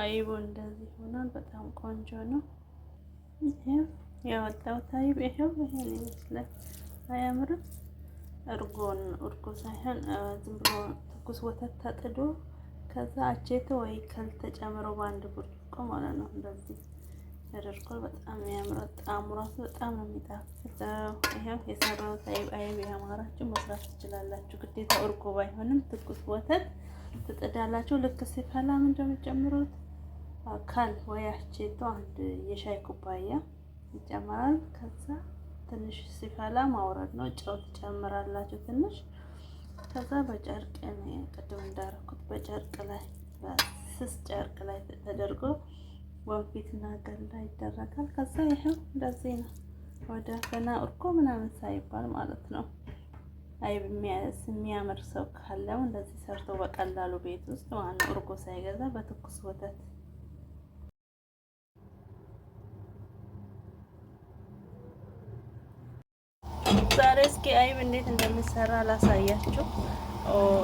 አይቡ እንደዚህ ሆኗል። በጣም ቆንጆ ነው። ይሄው ያወጣሁት አይብ ይሄው ይሄን ይመስላል። አያምርም? እርጎ ነው እርጎ ሳይሆን ዝም ብሎ ትኩስ ወተት ተጥዶ ከዛ አቼቶ ወይ ከል ተጨምሮ በአንድ ብርጭቆ ማለት ነው እንደዚህ ተደርጓል። በጣም የሚያምረው ጣዕሙ ራሱ በጣም ነው የሚጣፍጠው። ይሄው የሰራሁት አይብ አይብ ያማራችሁ መስራት ትችላላችሁ። ግዴታ እርጎ ባይሆንም ትኩስ ወተት ትጥዳላችሁ። ልክ ሲፈላ ምን ነው አካል ከል ወይ አንድ የሻይ ኩባያ ይጨመራል። ከዛ ትንሽ ሲፈላ ማውረድ ነው። ጨው ትጨምራላችሁ ትንሽ። ከዛ በጨርቅ ቅድም እንዳረኩት በጨርቅ ላይ በስስ ጨርቅ ላይ ተደርጎ ወንፊትና ገንዳ ይደረጋል። ከዛ ይሄው እንደዚህ ነው ወደ ገና እርጎ ምናምን ሳይባል ማለት ነው። አይብ የሚያምር ሰው ካለው እንደዚህ ሰርቶ በቀላሉ ቤት ውስጥ ማለት እርጎ ሳይገዛ በትኩስ ወተት ዛሬ እስኪ አይብ እንዴት እንደሚሰራ ላሳያችሁ።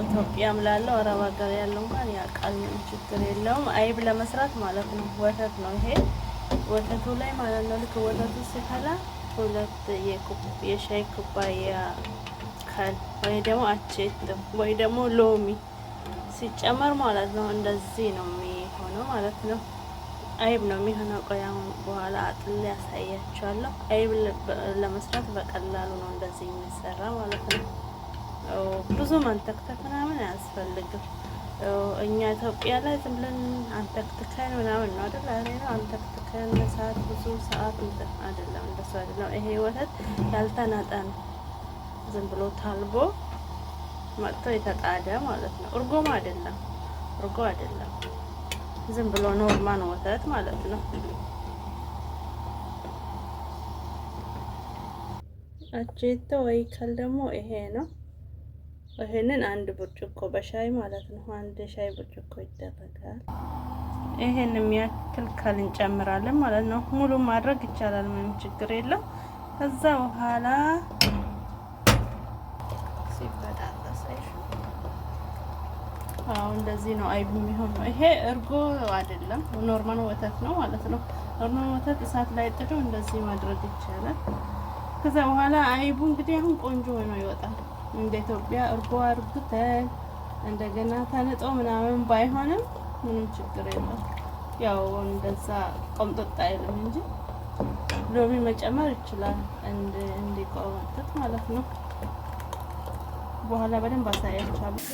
ኢትዮጵያም ላለው አረብ ሀገር ያለው እንኳን ያውቃል፣ ምንም ችግር የለውም። አይብ ለመስራት ማለት ነው ወተት ነው ይሄ። ወተቱ ላይ ማለት ነው ልክ ወተቱ ሲፈላ ሁለት የሻይ ኩባያ ቅጠል ወይ ደግሞ አቼቶ ወይ ደግሞ ሎሚ ሲጨመር ማለት ነው። እንደዚህ ነው የሚሆነው ማለት ነው። አይብ ነው የሚሆነው። ቆይ በኋላ አጥል ያሳያችኋለሁ። አይብ ለመስራት በቀላሉ ነው እንደዚህ የሚሰራ ማለት ነው። ብዙ አንተክተክ ምናምን አያስፈልግም። እኛ ኢትዮጵያ ላይ ዝም ብለን አንተክትከን ምናምን ነው አይደል? አሬ ነው አንተክትከን ሰዓት ብዙ ሰዓት አይደለም፣ እንደሱ አይደለም። ይሄ ወተት ያልተናጠ ነው። ዝም ብሎ ታልቦ መጥቶ የተጣደ ማለት ነው። እርጎም አይደለም፣ እርጎ አይደለም። ዝም ብሎ ኖርማን ወተት ማለት ነው። አቼቶ ወይ ካል ደግሞ ይሄ ነው። ይሄንን አንድ ብርጭቆ በሻይ ማለት ነው። አንድ ሻይ ብርጭቆ ይደረጋል። ይሄን የሚያክል ከል እንጨምራለን ማለት ነው። ሙሉ ማድረግ ይቻላል፣ ምንም ችግር የለም። ከዛ በኋላ ሲበጣጠስ አሁን እንደዚህ ነው አይብ የሚሆነው። ይሄ እርጎ አይደለም፣ ኖርማል ወተት ነው ማለት ነው። ኖርማል ወተት እሳት ላይ ጥዶ እንደዚህ ማድረግ ይቻላል። ከዛ በኋላ አይቡ እንግዲህ አሁን ቆንጆ ሆኖ ይወጣል። እንደ ኢትዮጵያ እርጎ አርግተን እንደገና ተንጦ ምናምን ባይሆንም ምንም ችግር የለም። ያው እንደዛ ቆምጠጣ አይልም እንጂ ሎሚ መጨመር ይችላል እንዲቆመጥጥ ማለት ነው። በኋላ በደንብ አሳያችኋለሁ።